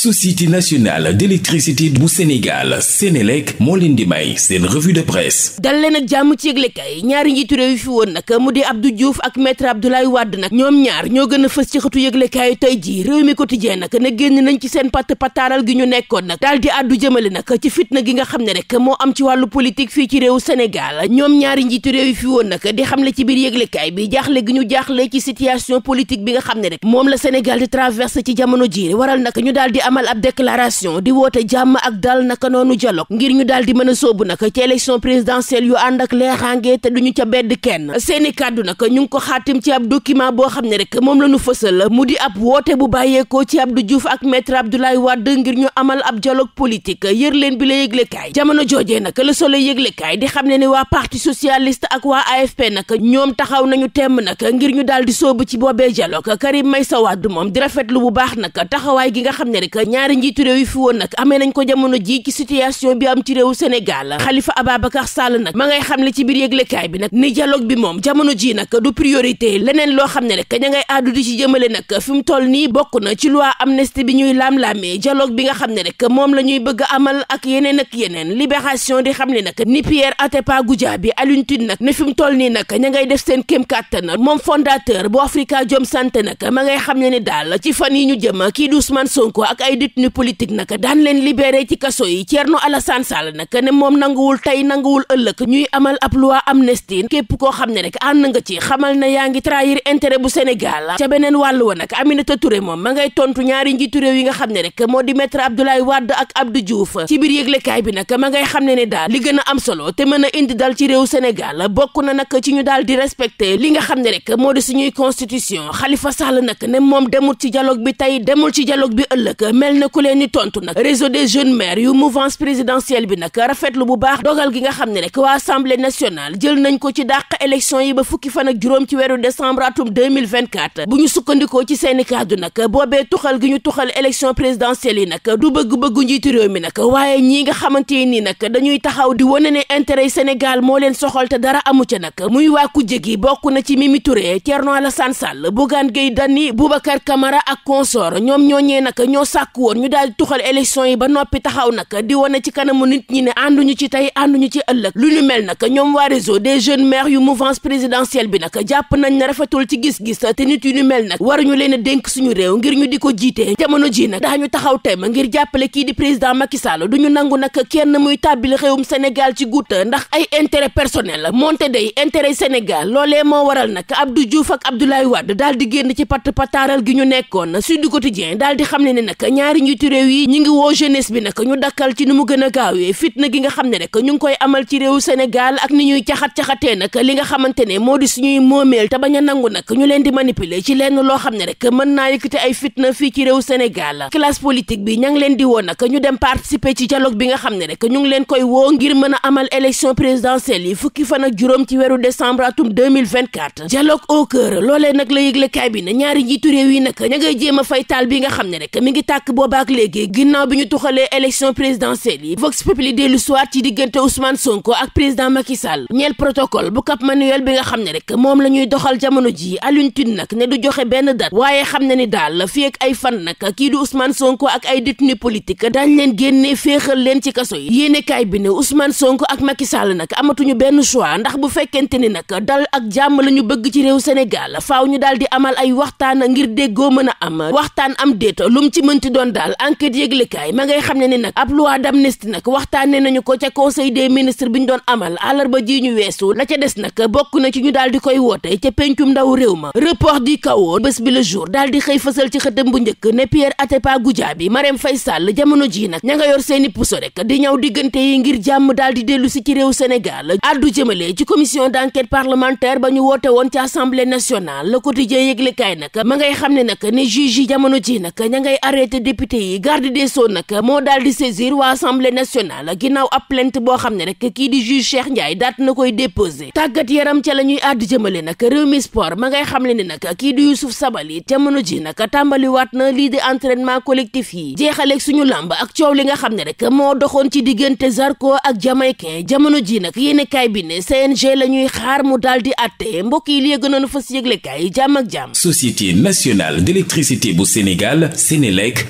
société nationale d'électricité bu Sénégal Sénélec moo leen di may seen revue de presse dal leen ak jàmm ci yëglekaay ñaari njiitu réew yi fi woon nag mu di Abdou Diouf ak maître Abdoulaye Wade nag ñoom ñaar ñoo gën a fës ci xëtu yëglekaay tey jii réew mi quotidien nag na génn nañ ci seen patt pataaral gi ñu nekkoon nag daal di àddu jëmale nag ci fitna gi nga xam ne rek moo am ci wàllu politique fii ci réew Sénégal ñoom ñaari njiitu réew yi fi woon nag di xamle ci biir yëglekaay bi jaaxle gi ñu jaaxle ci situation politique bi nga xam ne rek moom la Sénégal di traversé ci jamono ji waral nag ñu daal di amal ab déclaration di woote jàmm ak dal naka noonu dialogue ngir ñu daal di mën a sóobu nag ci élection présidentielle yu ànd ak leexaange te duñu ca bedd kenn seeni kàddu nag ñu ngi ko xaatim ci ab document boo xam ne rek moom la ñu fësal mu di ab woote bu bàyyeekoo ci ab du Diouf ak maître Abdoulaye Wade ngir ñu amal ab dialogue politique yër leen bi la yëglekaay jamono joojee nag la solo yëglekaay di xam ne ne waa parti socialiste ak waa AFP nag ñoom taxaw nañu temm nag ngir ñu daal di sóobu ci boobee dialogue Karim Meïssa Wade moom di rafetlu bu baax nag taxawaay gi nga xam ne rek ñaari njiitu réew yi fi woon nag amee nañ ko jamono ji ci situation bi am ci réew Sénégal Khalifa Ababacar Sall nag ma ngay xam ne ci biir yëglekaay bi nag ni dialogue bi moom jamono ji nag du priorité leneen loo xam ne rek ña ngay àddu di ci jëmale nag fi mu toll nii bokk na ci loi amnistie bi ñuy laam-laamee dialogue bi nga xam ne rek moom la ñuy bëgg amal ak yeneen ak yeneen libération di xam ne nag ni Pierre Atepa Goudiaby Alioune Tine nag ne fi mu toll nii nag ña ngay def seen kéem kàttan moom fondateur bu Afrikajom Santé nag ma ngay xam ne ni daal ci fan yi ñu jëm kii di man Sonko ak ay détenu politique naka daan leen libéré ci kaso yi Thierno Alassane Sall naka ne moom nanguwul tey nanguwul ëllëg ñuy amal ab loi amnistie képp koo xam ne rek ànd nga ci xamal na yaa ngi trahir intérêt bu Sénégal ca beneen wàll wa nag a Touré moom ma ngay tontu ñaari njiitu réew yi nga xam ne rek moo di maître Abdoulaye Wade ak Abdou Diouf ci biir yëglekaay bi nag ma ngay xam ne ne daal li gën a am solo te mën a indi dal ci réew Sénégal bokk na nag ci ñu daal di respecté li nga xam ne rek moo di suñuy constitution Khalifa Sall nag ne moom demul ci dialogue bi tey demul ci dialogue bi ëllëg mel na ku leen ni tontu nag réseau des jeunes maires yu mouvance présidentielle bi nag rafetlu bu baax dogal gi nga xam ne rek waa assemblée nationale jël nañ ko ci dàq élection yi ba fukki fan ak juróom ci weeru décembre atum 2024 bu ñu sukkandikoo ci seeni kàddu nag boobee tuxal gi ñu tuxal élection présidentielle yi nag du bëgg-bëggu njiitu réew mi nag waaye ñii nga xamante ni nag dañuy taxaw di wane ne intérêt Sénégal moo leen soxal te dara amu ca nag muy waa kujje gi bokk na ci Mimi Touré Thierno Alassane Sall Bougane Gueye Dany Boubacar Camara ak consort ñoom ñooñee nag ñoo sàkk sàkku woon ñu daal di tuxal élection yi ba noppi taxaw nag di wane ci kanamu nit ñi ne ànduñu ci tey ànduñu ci ëllëg lu ñu mel nag ñoom waa réseau des jeunes maires yu mouvance présidentielle bi nag jàpp nañ ne rafetul ci gis-gis te nit yu ñu mel nag ñu leen a dénk suñu réew ngir ñu di ko jiitee jamono ji nag ñu taxaw ma ngir jàppale kii di président Macky du ñu nangu nag kenn muy tàbbil réewum Sénégal ci guuta ndax ay intérêt personnel moonte day intérêt Sénégal loolee moo waral nag Abdou Diouf ak Abdoulaye Wade daal di génn ci patt pataaral gi ñu nekkoon Sud Quotidien daal di xam ne ne ñaari njiitu réew yi ñu ngi woo jeunesse bi nag ñu dakkal ci ni mu gën a gaawee fitna gi nga xam ne rek ñu ngi koy amal ci réew Sénégal ak ni ñuy caxat-caxatee nag li nga xamante ne moo di suñuy moomeel te bañ a nag ñu leen di manipuler ci lenn loo xam ne rek mën naa yëkkati ay fitna fii ci réew Sénégal classe politique bi ña ngi leen di woo nag ñu dem participer ci dialogue bi nga xam ne rek ñu ngi leen koy woo ngir mën a amal élection présidentielle yi fukki fan ak juróom ci weeru décembre atum 2024 dialogue au cœur loolee nag la yëgle bi na ñaari njiitu réew yi nag ña ngay jéem a fay taal bi nga xam ne rek mi ngi tàkk ak boobaak léegi ginnaaw bi ñu tuxalee élection présidentielle yi Vox Populi dellu soir ci diggante Ousmane Sonko ak président Macky Sall ñeel protocole bu Cap Manuel bi nga xam ne rek moom la ñuy doxal jamono ji Alioune Tine nag ne du joxe benn date waaye xam ne ni daal fii ak ay fan nag kii di Ousmane Sonko ak ay détenu politique dañ leen génnee féexal leen ci kaso yi yéenekaay bi ne Ousmane sonk ak Macky Sall nag amatuñu benn choix ndax bu fekkente ni nag dal ak jàmm la ñu bëgg ci réew Sénégal faaw ñu daal di amal ay waxtaan ngir déggoo mën a am waxtaan ci doon daal enquête yëglekaay ma ngay xam ne ni nag ab loi d'amnistie nag waxtaanee nañu ko ca conseil des ministres bi ñu doon amal àllarba ji ñu weesu la ca des nag bokk na ci ñu daal koy woote ca pencum ndaw réew ma report di kawo bés bi le jour daal xëy fësal ci xëtam bu njëkk ne Pierre Atepa Goudiaby Marème Faye Sall jamono ji nag ña seeni puso rek di ñaw diggante yi ngir jàmm daal di ci réew Sénégal addu jëmale ci commission des yi garde de so nag moo daal di saisir waa assemblée nationale ginnaaw ab plainte boo xam ne rek kii di juge Cheikh Ndiaye daat na koy déposé tàggat yaram ca la ñuy àdd jëmale nag réew mi sport ma ngay xam le ni nag kii di Youssouf Sabali jamono ji nag tàmbaliwaat na lii de entraînement collectif yi jeexaleeg suñu làmb ak coow li nga xam ne rek moo doxoon ci diggante Zarko ak Jamaïcain jamono ji nag yéene kaay bi ne CNG la ñuy xaar mu daal di àtte mbokk yi li gënoon fas yëgle kaay jàmm ak jàmm société nationale d'électricité bu Sénégal Sénélec